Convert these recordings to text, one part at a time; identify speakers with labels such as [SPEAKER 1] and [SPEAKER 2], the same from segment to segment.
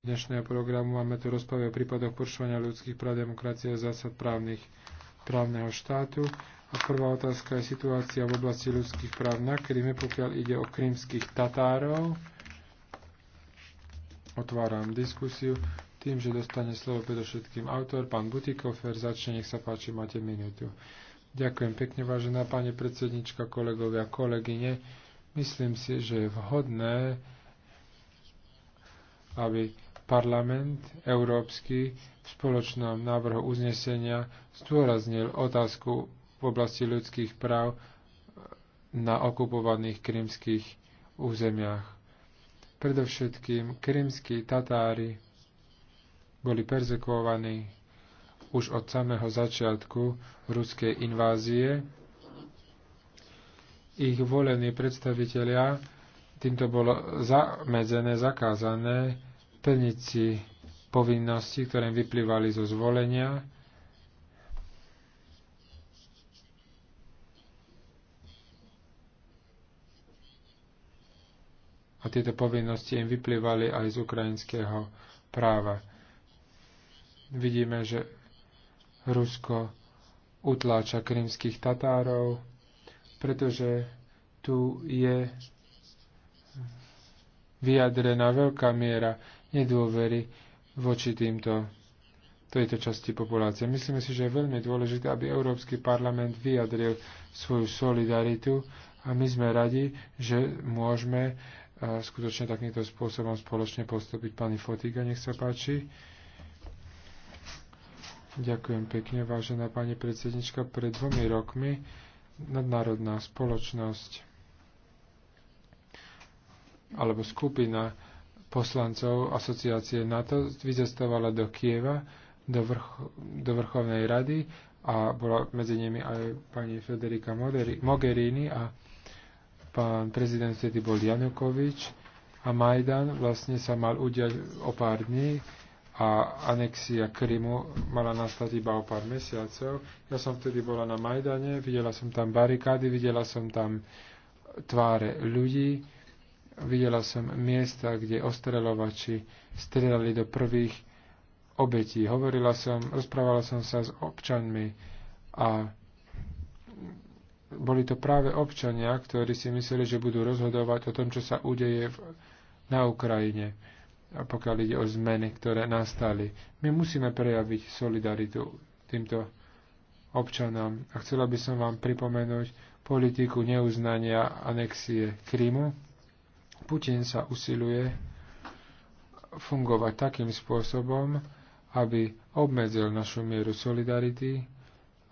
[SPEAKER 1] dnešného programu. Máme tu rozpravy o prípadoch porušovania ľudských práv, demokracie a zásad právnych, právneho štátu. A prvá otázka je situácia v oblasti ľudských práv na Kryme, pokiaľ ide o krymských Tatárov. Otváram diskusiu tým, že dostane slovo predovšetkým autor, pán Butikofer. Začne, nech sa páči, máte minútu. Ďakujem pekne, vážená pani predsednička, kolegovia, kolegyne. Myslím si, že je vhodné, aby parlament európsky v spoločnom návrhu uznesenia zdôraznil otázku v oblasti ľudských práv na okupovaných krymských územiach. Predovšetkým krymskí Tatári boli perzekovaní už od samého začiatku ruskej invázie. Ich volení predstavitelia týmto bolo zamedzené, zakázané, plniť si povinnosti, ktoré vyplývali zo zvolenia. A tieto povinnosti im vyplývali aj z ukrajinského práva. Vidíme, že Rusko utláča krymských Tatárov, pretože tu je vyjadrená veľká miera nedôvery voči týmto tejto časti populácie. Myslíme si, že je veľmi dôležité, aby Európsky parlament vyjadril svoju solidaritu a my sme radi, že môžeme e, skutočne takýmto spôsobom spoločne postupiť. Pani Fotiga, nech sa páči. Ďakujem pekne, vážená pani predsednička. Pred dvomi rokmi nadnárodná spoločnosť alebo skupina poslancov asociácie NATO vycestovala do Kieva, do, vrch, do Vrchovnej rady a bola medzi nimi aj pani Federica Mogherini a pán prezident vtedy bol Janukovič a Majdan vlastne sa mal udiať o pár dní a anexia Krymu mala nastať iba o pár mesiacov. Ja som vtedy bola na Majdane, videla som tam barikády, videla som tam tváre ľudí, videla som miesta, kde ostreľovači strelali do prvých obetí. Hovorila som, rozprávala som sa s občanmi a boli to práve občania, ktorí si mysleli, že budú rozhodovať o tom, čo sa udeje v, na Ukrajine, a pokiaľ ide o zmeny, ktoré nastali. My musíme prejaviť solidaritu týmto občanom. A chcela by som vám pripomenúť politiku neuznania anexie Krymu, Putin sa usiluje fungovať takým spôsobom, aby obmedzil našu mieru solidarity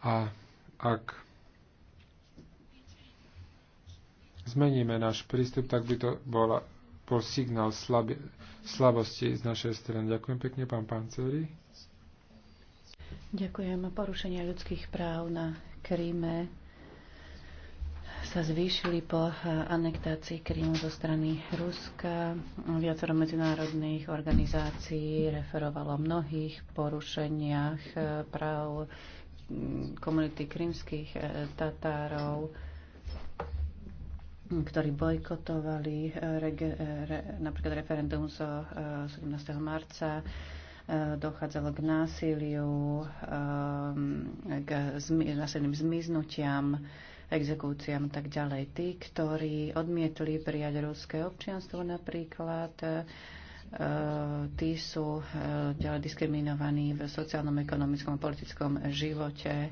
[SPEAKER 1] a ak zmeníme náš prístup, tak by to bola, bol signál slabi, slabosti z našej strany. Ďakujem pekne, pán Panceri.
[SPEAKER 2] Ďakujem. Porušenie ľudských práv na Kríme sa zvýšili po anektácii Krymu zo strany Ruska. Viacero medzinárodných organizácií referovalo o mnohých porušeniach eh, práv mm, komunity krymských eh, Tatárov, ktorí bojkotovali eh, rege, re, napríklad referendum zo 17. marca dochádzalo k násiliu, k násilným zmiznutiam exekúciám a tak ďalej. Tí, ktorí odmietli prijať ruské občianstvo napríklad, e, tí sú e, ďalej diskriminovaní v sociálnom, ekonomickom a politickom živote. E,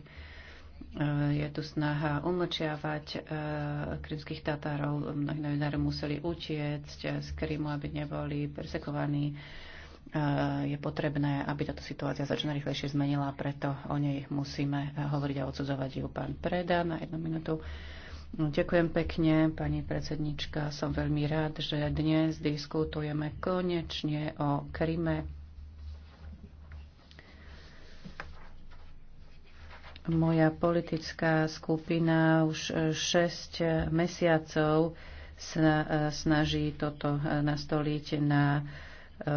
[SPEAKER 2] je tu snaha umlčiavať krymských Tatárov. Mnohí novinári museli utiecť z Krymu, aby neboli persekovaní Eh, je potrebné, aby táto situácia sa čo najrychlejšie zmenila, preto o nej musíme eh, hovoriť a odsudzovať ju pán Preda na jednu minútu. No, ďakujem pekne, pani predsednička. Som veľmi rád, že dnes diskutujeme konečne o Kryme. Moja politická skupina už 6 eh, mesiacov sa snaží toto nastoliť na E,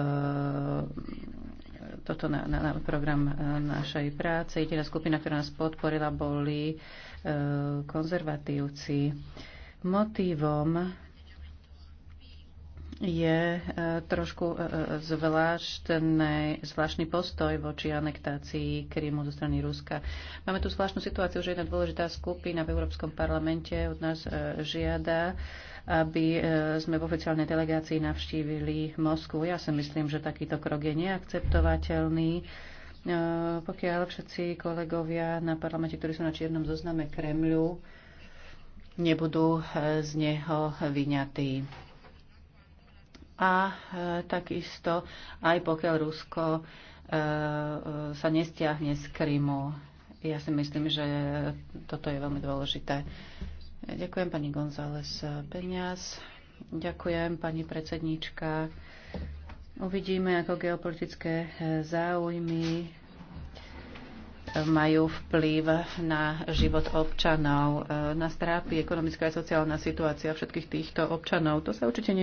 [SPEAKER 2] toto na, na, na program e, našej práce. Jediná skupina, ktorá nás podporila, boli e, konzervatívci. Motívom je trošku zvláštne, zvláštny postoj voči anektácii Krymu zo strany Ruska. Máme tu zvláštnu situáciu, že jedna dôležitá skupina v Európskom parlamente od nás žiada aby e, sme v oficiálnej delegácii navštívili Moskvu. Ja si myslím, že takýto krok je neakceptovateľný. E, pokiaľ všetci kolegovia na parlamente, ktorí sú na čiernom zozname Kremľu, nebudú e, z neho vyňatí. A takisto aj pokiaľ Rusko sa nestiahne z Krymu. Ja si myslím, že toto je veľmi dôležité. Ďakujem pani González Peňaz. Ďakujem pani predsedníčka. Uvidíme, ako geopolitické záujmy majú vplyv na život občanov. Nás trápi ekonomická a sociálna situácia všetkých týchto občanov. To sa určite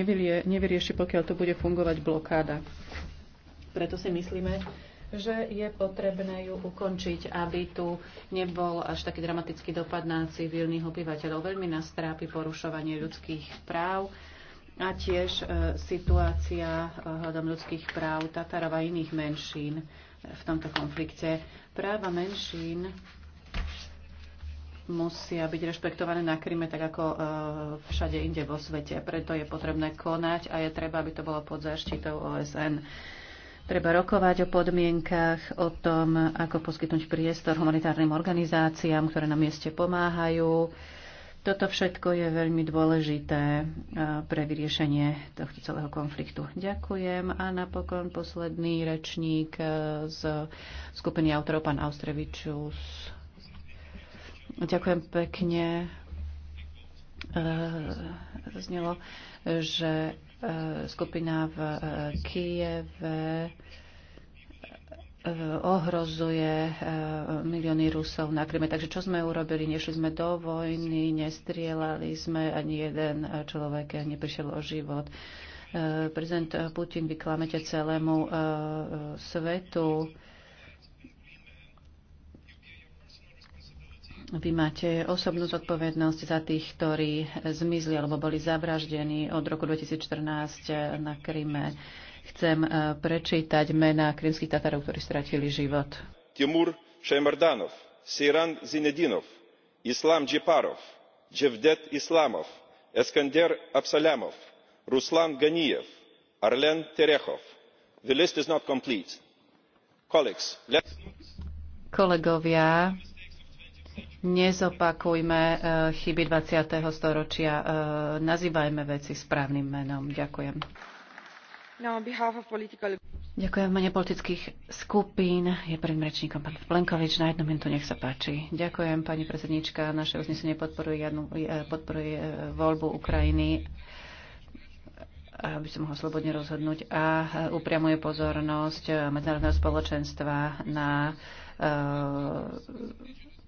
[SPEAKER 2] nevyrieši, pokiaľ to bude fungovať blokáda. Preto si myslíme, že je potrebné ju ukončiť, aby tu nebol až taký dramatický dopad na civilných obyvateľov. Veľmi nás trápi porušovanie ľudských práv a tiež e, situácia e, hľadom ľudských práv Tatarov a iných menšín v tomto konflikte. Práva menšín musia byť rešpektované na Kryme tak ako e, všade inde vo svete. Preto je potrebné konať a je treba, aby to bolo pod záštitou OSN. Treba rokovať o podmienkach, o tom, ako poskytnúť priestor humanitárnym organizáciám, ktoré na mieste pomáhajú. Toto všetko je veľmi dôležité eh, pre vyriešenie tohto celého konfliktu. Ďakujem. A napokon posledný rečník eh, z skupiny autorov, pán Austrevičus. Ďakujem pekne. Eh, Znelo, že E, skupina v e, Kieve e, ohrozuje milióny Rusov na Kryme. Takže čo sme urobili? Nešli sme do vojny, nestrielali sme, ani jeden človek neprišiel o život. Prezident Putin vyklamete celému svetu. Vy máte osobnú zodpovednosť za tých, ktorí zmizli alebo boli zavraždení od roku 2014 na Kryme. Chcem e, prečítať mená krymských Tatarov, ktorí stratili život.
[SPEAKER 1] Timur Šemrdanov, Siran Zinedinov, Islam Džiparov, Dževdet Islamov, Eskander Absalamov, Ruslan Ganijev, Arlen Terechov. The list is not complete. Colleagues, let's...
[SPEAKER 2] Kolegovia, Nezopakujme eh, chyby 20. storočia. Eh, nazývajme veci správnym menom. Ďakujem. Ďakujem v mene politických skupín. Je prvým rečníkom pán Plenkovič. Na jednu minútu nech sa páči. Ďakujem, pani predsednička. Naše uznesenie podporuje, jednu, eh, podporuje voľbu Ukrajiny aby sa mohol slobodne rozhodnúť a upriamuje pozornosť medzinárodného spoločenstva na e,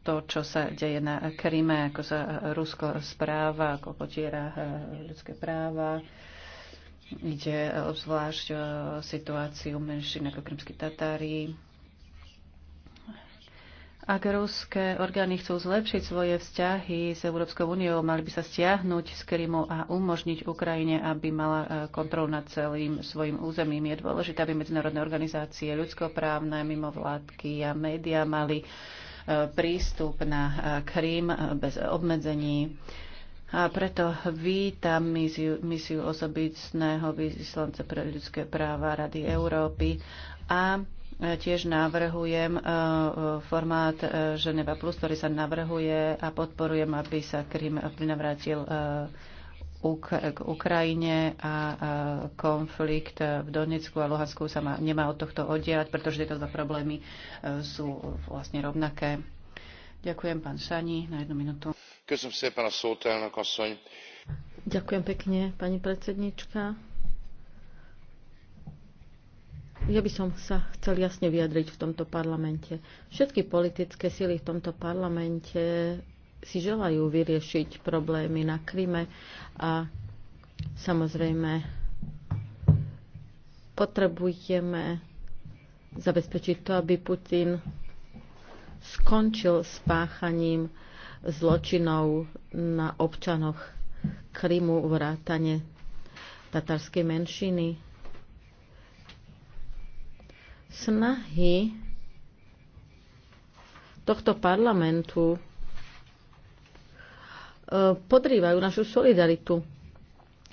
[SPEAKER 2] to, čo sa deje na Kryme, ako sa Rusko správa, ako potiera eh, ľudské práva. Ide obzvlášť o eh, situáciu menšin ako krymskí Tatári. Ak ruské orgány chcú zlepšiť svoje vzťahy s Európskou úniou, mali by sa stiahnuť z Krymu a umožniť Ukrajine, aby mala eh, kontrolu nad celým svojim územím. Je dôležité, aby medzinárodné organizácie, ľudskoprávne, mimovládky a médiá mali uh, prístup na eh, Krím eh, bez obmedzení. A preto vítam misiu, misiu osobitného vyslanca pre ľudské práva Rady Európy a eh, tiež navrhujem formát Ženeva Plus, ktorý sa navrhuje a podporujem, aby sa Krym prinavrátil k Ukrajine a konflikt v Donetsku a Luhansku sa ma, nemá od tohto oddiať, pretože tieto dva problémy e, sú vlastne rovnaké. Ďakujem, pán Šani, na jednu minútu. Ďakujem
[SPEAKER 3] pekne, pani predsednička. Ja by som sa chcel jasne vyjadriť v tomto parlamente. Všetky politické sily v tomto parlamente si želajú vyriešiť problémy na Kryme a samozrejme potrebujeme zabezpečiť to, aby Putin skončil s páchaním zločinov na občanoch Krymu, vrátane tatarskej menšiny. Snahy tohto parlamentu podrývajú našu solidaritu.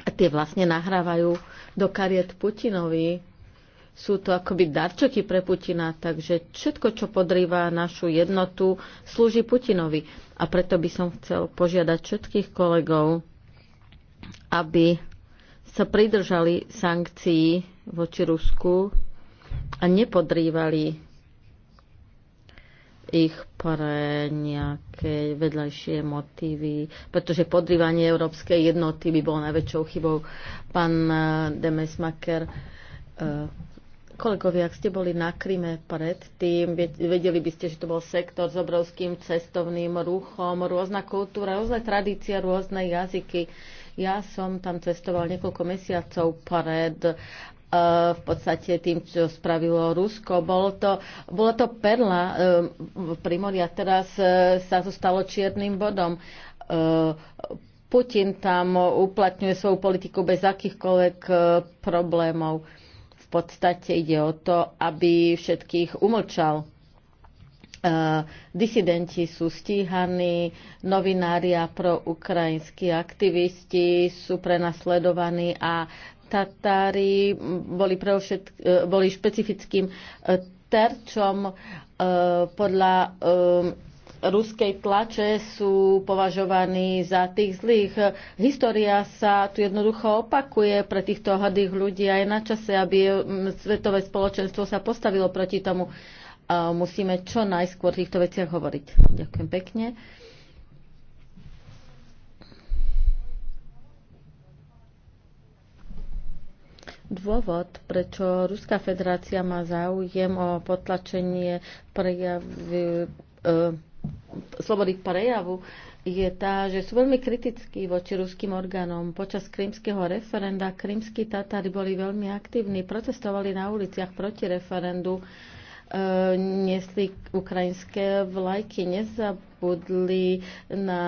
[SPEAKER 3] A tie vlastne nahrávajú do kariet Putinovi. Sú to akoby darčeky pre Putina, takže všetko, čo podrýva našu jednotu, slúži Putinovi. A preto by som chcel požiadať všetkých kolegov, aby sa pridržali sankcií voči Rusku a nepodrývali ich pre nejaké vedľajšie motívy, pretože podrývanie európskej jednoty by bolo najväčšou chybou. Pán eh, Demesmaker, eh, kolegovia, ak ste boli na Kryme predtým, vedeli by ste, že to bol sektor s obrovským cestovným ruchom, rôzna kultúra, rôzne tradície, rôzne jazyky. Ja som tam cestoval niekoľko mesiacov pred E, v podstate tým, čo spravilo Rusko. Bolo to, bolo to perla e, a teraz e, sa to stalo čiernym bodom. Putin tam uplatňuje svoju politiku bez akýchkoľvek problémov. V podstate ide o to, aby všetkých umlčal. Disidenti sú stíhaní, novinári a proukrajinskí aktivisti sú prenasledovaní a Tatári boli, prevšetk- e, boli špecifickým e, terčom e, podľa ruskej tlače sú považovaní za tých zlých. História sa tu jednoducho opakuje pre týchto hrdých ľudí a je na čase, aby svetové spoločenstvo sa postavilo proti tomu. Musíme čo najskôr v týchto veciach hovoriť. Ďakujem pekne. Dôvod, prečo Ruská federácia má záujem o potlačenie prejavy, e, slobody prejavu, je tá, že sú veľmi kritickí voči ruským orgánom. Počas krímskeho referenda krímsky Tatári boli veľmi aktívni, protestovali na uliciach proti referendu. E, E, nesli ukrajinské vlajky, nezabudli na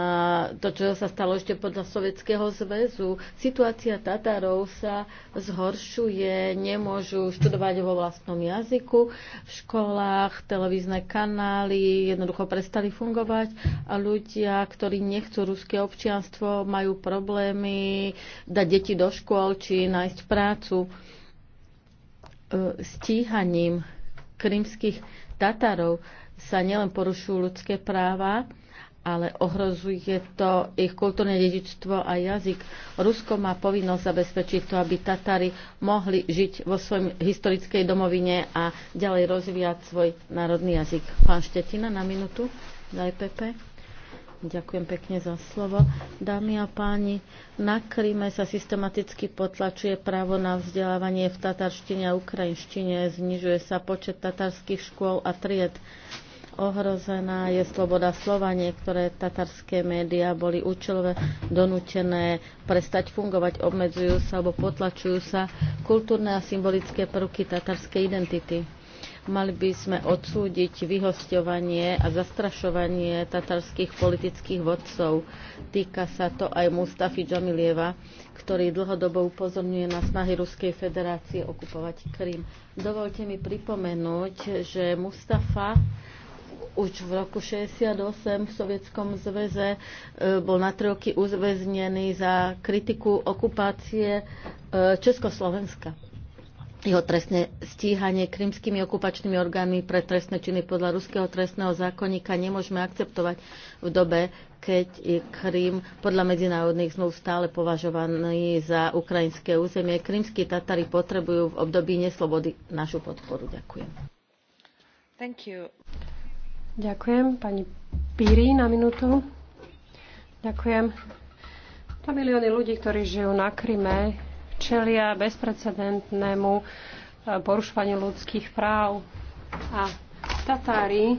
[SPEAKER 3] to, čo sa stalo ešte podľa Sovietskeho zväzu. Situácia Tatarov sa zhoršuje, nemôžu študovať vo vlastnom jazyku v školách, televízne kanály jednoducho prestali fungovať a ľudia, ktorí nechcú ruské občianstvo, majú problémy dať deti do škôl či nájsť prácu e, stíhaním krymských Tatarov sa nielen porušujú ľudské práva, ale ohrozuje to ich kultúrne dedičstvo a jazyk. Rusko má povinnosť zabezpečiť to, aby Tatári mohli žiť vo svojom historickej domovine a ďalej rozvíjať svoj národný jazyk. Pán Štetina na minútu za EPP. Ďakujem pekne za slovo. Dámy a páni, na Kryme sa systematicky potlačuje právo na vzdelávanie v tatarštine a ukrajinštine, znižuje sa počet tatarských škôl a tried. Ohrozená je sloboda slova, niektoré tatarské médiá boli účelové donútené prestať fungovať, obmedzujú sa alebo potlačujú sa kultúrne a symbolické prvky tatarskej identity Mali by sme odsúdiť vyhosťovanie a zastrašovanie tatarských politických vodcov. Týka sa to aj Mustafi Džamilieva, ktorý dlhodobo upozorňuje na snahy Ruskej federácie okupovať Krym. Dovolte mi pripomenúť, že Mustafa už v roku 68 v Sovietskom zväze e, bol na tri roky uzväznený za kritiku okupácie e, Československa jeho trestné stíhanie krymskými okupačnými orgánmi pre trestné činy podľa ruského trestného zákonníka nemôžeme akceptovať v dobe, keď je Krym podľa medzinárodných zmluv stále považovaný za ukrajinské územie. Krymskí Tatari potrebujú v období neslobody našu podporu. Ďakujem.
[SPEAKER 1] Thank you.
[SPEAKER 4] Ďakujem. Pani Píri na minútu. Ďakujem. 2 milióny ľudí, ktorí žijú na Kryme, čelia bezprecedentnému e, porušovaniu ľudských práv. A Tatári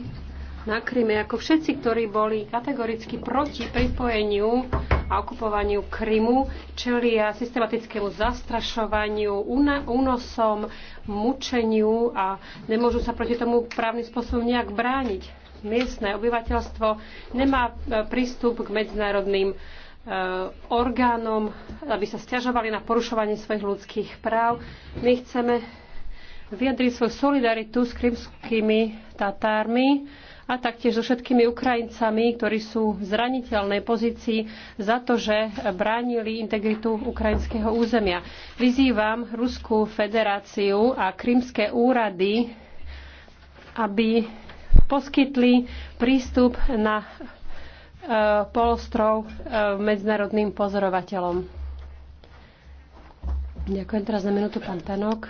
[SPEAKER 4] na Kryme, ako všetci, ktorí boli kategoricky proti pripojeniu a okupovaniu Krymu, čelia systematickému zastrašovaniu, únosom, mučeniu a nemôžu sa proti tomu právnym spôsobom nejak brániť. Miestne obyvateľstvo nemá e, prístup k medzinárodným Eh, orgánom, aby sa stiažovali na porušovanie svojich ľudských práv. My chceme vyjadriť svoju solidaritu s krymskými Tatármi a taktiež so všetkými Ukrajincami, ktorí sú v zraniteľnej pozícii za to, že bránili integritu ukrajinského územia. Vyzývam Ruskú federáciu a krymské úrady, aby poskytli prístup na E, polostrov e, medzinárodným pozorovateľom. Ďakujem teraz na minútu, pán Tanok.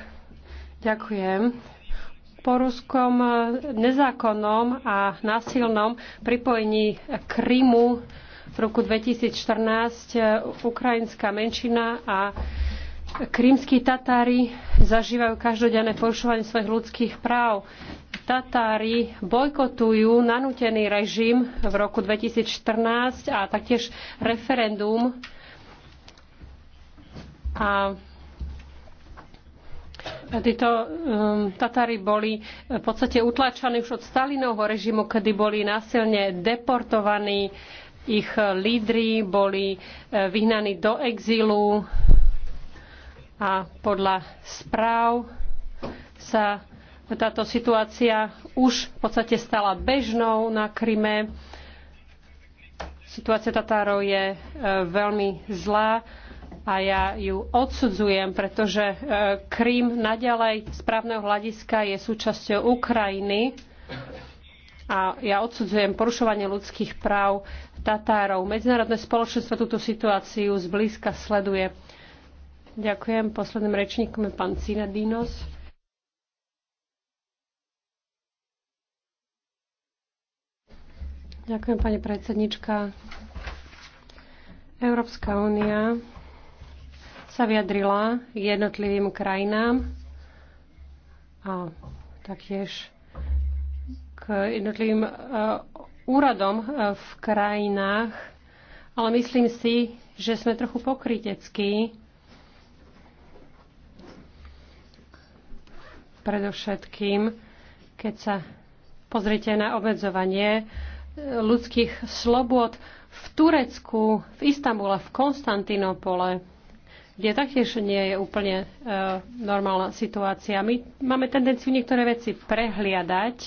[SPEAKER 4] Ďakujem. Po ruskom nezákonnom a násilnom pripojení Krymu v roku 2014 e, ukrajinská menšina a krímski Tatári zažívajú každodenné porušovanie svojich ľudských práv. Tatári bojkotujú nanútený režim v roku 2014 a taktiež referendum. A Títo um, Tatári boli v podstate utlačaní už od Stalinovho režimu, kedy boli násilne deportovaní, ich lídri boli eh, vyhnaní do exílu a podľa správ sa táto situácia už v podstate stala bežnou na Kryme. Situácia Tatárov je e, veľmi zlá a ja ju odsudzujem, pretože e, Krym naďalej z právneho hľadiska je súčasťou Ukrajiny a ja odsudzujem porušovanie ľudských práv Tatárov. Medzinárodné spoločenstvo túto situáciu zblízka sleduje. Ďakujem. Posledným rečníkom je pán Cinadinos. Ďakujem, pani predsednička. Európska únia sa vyjadrila jednotlivým krajinám a taktiež k jednotlivým e, úradom e, v krajinách, ale myslím si, že sme trochu pokryteckí. Predovšetkým, keď sa pozrite na obmedzovanie ľudských slobod v Turecku, v Istambule, v Konstantinopole, kde taktiež nie je úplne uh, normálna situácia. My máme tendenciu niektoré veci prehliadať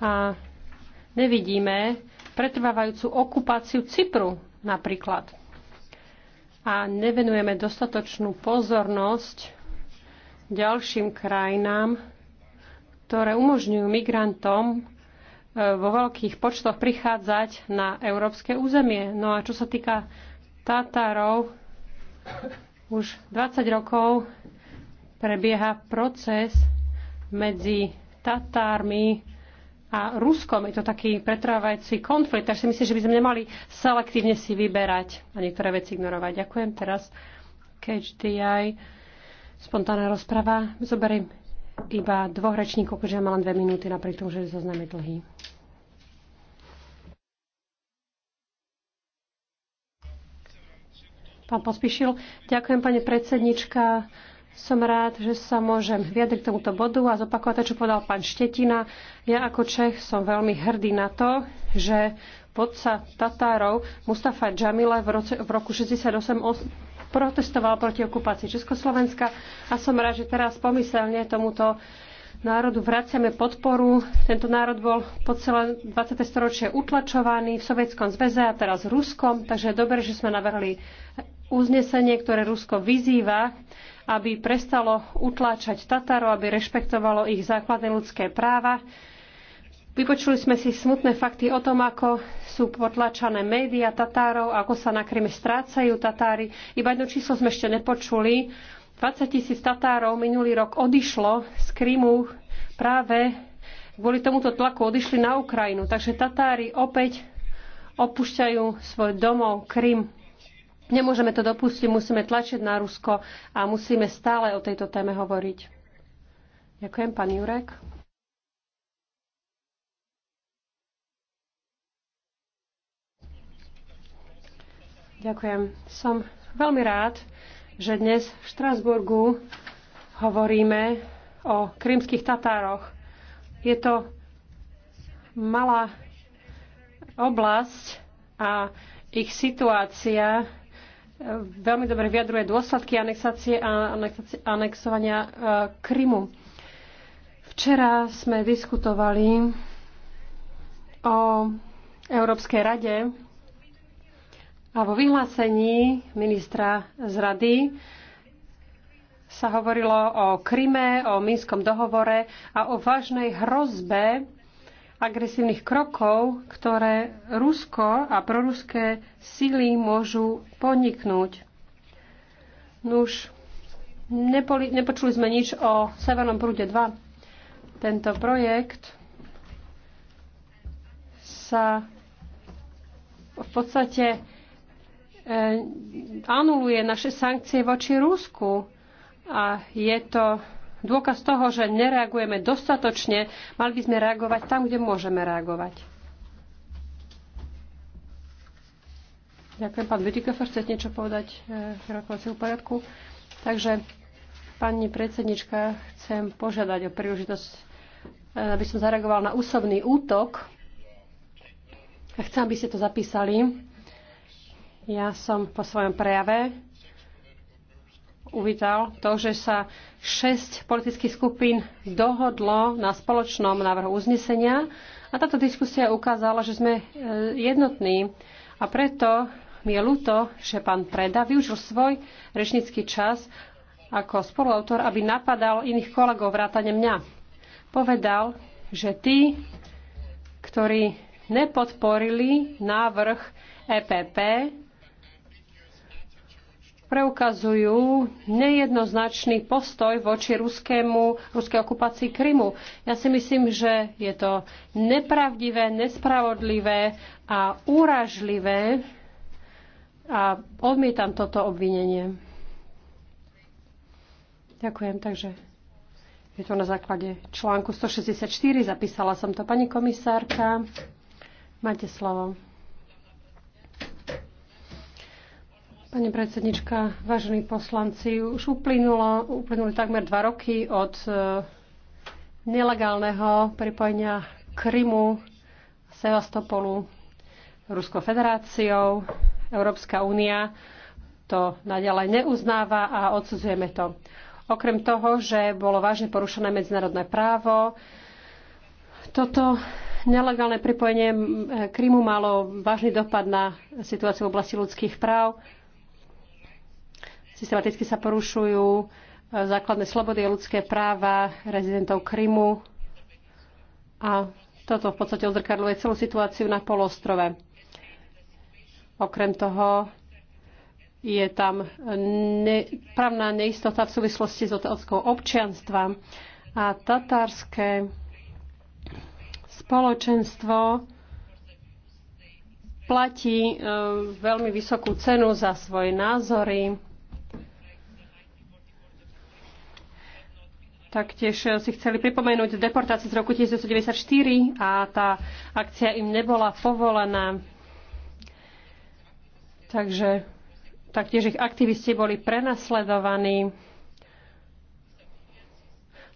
[SPEAKER 4] a nevidíme pretrvávajúcu okupáciu Cypru napríklad. A nevenujeme dostatočnú pozornosť ďalším krajinám, ktoré umožňujú migrantom vo veľkých počtoch prichádzať na európske územie. No a čo sa týka Tatárov, už 20 rokov prebieha proces medzi Tatármi a Ruskom. Je to taký pretrávajúci konflikt, takže si myslím, že by sme nemali selektívne si vyberať a niektoré veci ignorovať. Ďakujem teraz. KHDI, spontánna rozprava. Zoberiem iba dvoch rečníkov, keďže mám len dve minúty, napriek tomu, že zoznam je dlhý. Pán Pospišil, ďakujem pani predsednička. Som rád, že sa môžem vyjadriť k tomuto bodu a zopakovať to, čo povedal pán Štetina. Ja ako Čech som veľmi hrdý na to, že vodca Tatárov Mustafa Džamile v, roce, v roku 1968 protestoval proti okupácii Československa a som rád, že teraz pomyselne tomuto národu vraciame podporu. Tento národ bol po celé 20. storočie utlačovaný v Sovietskom zväze a teraz Ruskom, takže je dobré, že sme navrhli uznesenie, ktoré Rusko vyzýva, aby prestalo utláčať Tatarov, aby rešpektovalo ich základné ľudské práva. Vypočuli sme si smutné fakty o tom, ako sú potlačané médiá Tatárov, ako sa na Kryme strácajú Tatári. Iba jedno číslo sme ešte nepočuli. 20 tisíc Tatárov minulý rok odišlo z Krymu práve kvôli tomuto tlaku odišli na Ukrajinu. Takže Tatári opäť opúšťajú svoj domov Krym. Nemôžeme to dopustiť, musíme tlačiť na Rusko a musíme stále o tejto téme hovoriť. Ďakujem, pán Jurek. Ďakujem. Som veľmi rád, že dnes v Štrasburgu hovoríme o krymských Tatároch. Je to malá oblasť a ich situácia veľmi dobre vyjadruje dôsledky anexácie a anexovania e, Krymu. Včera sme diskutovali o Európskej rade a vo vyhlásení ministra z rady sa hovorilo o Kryme, o Minskom dohovore a o vážnej hrozbe agresívnych krokov, ktoré Rusko a proruské sily môžu podniknúť. Nuž, nepoli, nepočuli sme nič o Severnom prúde 2. Tento projekt sa v podstate e, anuluje naše sankcie voči Rusku a je to dôkaz toho, že nereagujeme dostatočne. Mali by sme reagovať tam, kde môžeme reagovať. Ďakujem, pán Bütikofer, chcete niečo povedať k e, rokovaciu poriadku? Takže, pani predsednička, chcem požiadať o príležitosť, e, aby som zareagoval na úsobný útok. A chcem, aby ste to zapísali. Ja som po svojom prejave uvítal to, že sa šesť politických skupín dohodlo na spoločnom návrhu uznesenia a táto diskusia ukázala, že sme e, jednotní a preto mi je ľúto, že pán Preda využil svoj rečnícky čas ako spoluautor, aby napadal iných kolegov vrátane mňa. Povedal, že tí, ktorí nepodporili návrh EPP, preukazujú nejednoznačný postoj voči ruskému, ruskej okupácii Krymu. Ja si myslím, že je to nepravdivé, nespravodlivé a úražlivé a odmietam toto obvinenie. Ďakujem, takže je to na základe článku 164, zapísala som to pani komisárka. Máte slovo. Pani predsednička, vážení poslanci, už uplynulo, uplynuli takmer dva roky od e, nelegálneho pripojenia Krymu, Sevastopolu, Ruskou federáciou. Európska únia to naďalej neuznáva a odsudzujeme to. Okrem toho, že bolo vážne porušené medzinárodné právo, toto nelegálne pripojenie e, Krymu malo vážny dopad na situáciu v oblasti ľudských práv Systematicky sa porušujú e, základné slobody a ľudské práva rezidentov Krymu a toto v podstate odzrkadľuje celú situáciu na polostrove. Okrem toho je tam ne, právna neistota v súvislosti s otázkou občianstva a tatárske spoločenstvo platí e, veľmi vysokú cenu za svoje názory Taktiež eh, si chceli pripomenúť deportáciu z roku 1994 a tá akcia im nebola povolená. Takže taktiež ich aktivisti boli prenasledovaní.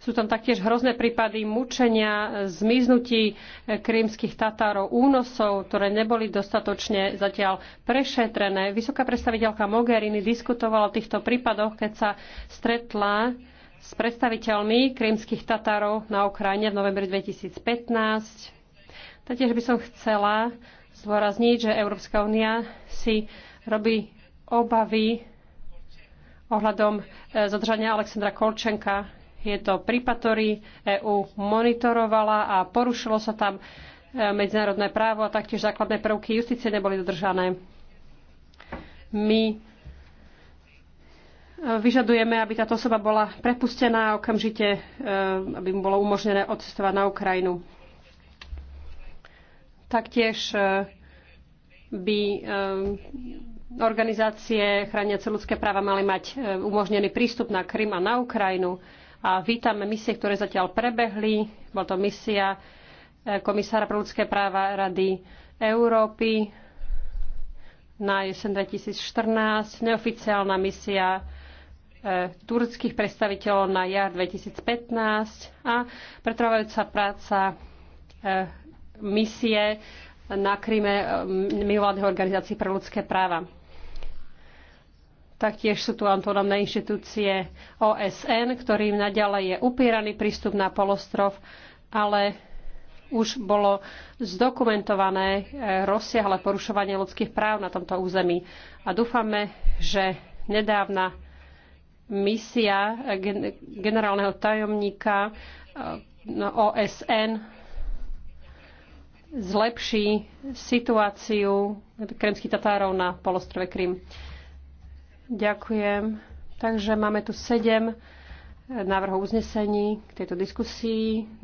[SPEAKER 4] Sú tam taktiež hrozné prípady mučenia, zmiznutí eh, krímskych Tatárov, únosov, ktoré neboli dostatočne zatiaľ prešetrené. Vysoká predstaviteľka Mogherini diskutovala o týchto prípadoch, keď sa stretla s predstaviteľmi krímskych Tatárov na Ukrajine v novembri 2015. Taktiež by som chcela zdôrazniť, že Európska únia si robí obavy ohľadom e, zadržania Alexandra Kolčenka. Je to prípad, ktorý EÚ monitorovala a porušilo sa tam e, medzinárodné právo a taktiež základné prvky justície neboli dodržané. My Vyžadujeme, aby táto osoba bola prepustená a okamžite, e, aby mu bolo umožnené odcestovať na Ukrajinu. Taktiež e, by e, organizácie chrániace ľudské práva mali mať umožnený prístup na Krym a na Ukrajinu. A vítame misie, ktoré zatiaľ prebehli. Bola to misia komisára pre ľudské práva Rady Európy na jesen 2014, neoficiálna misia E, turckých predstaviteľov na jar 2015 a pretrvajúca práca e, misie na Kryme e, mimovládnych organizácií pre ľudské práva. Taktiež sú tu autonómne inštitúcie OSN, ktorým naďalej je upíraný prístup na polostrov, ale už bolo zdokumentované rozsiahle porušovanie ľudských práv na tomto území. A dúfame, že nedávna misia generálneho tajomníka eh, OSN no, zlepší situáciu kremských Tatárov na polostrove Krym. Ďakujem. Takže máme tu sedem eh, návrhov uznesení k tejto diskusii.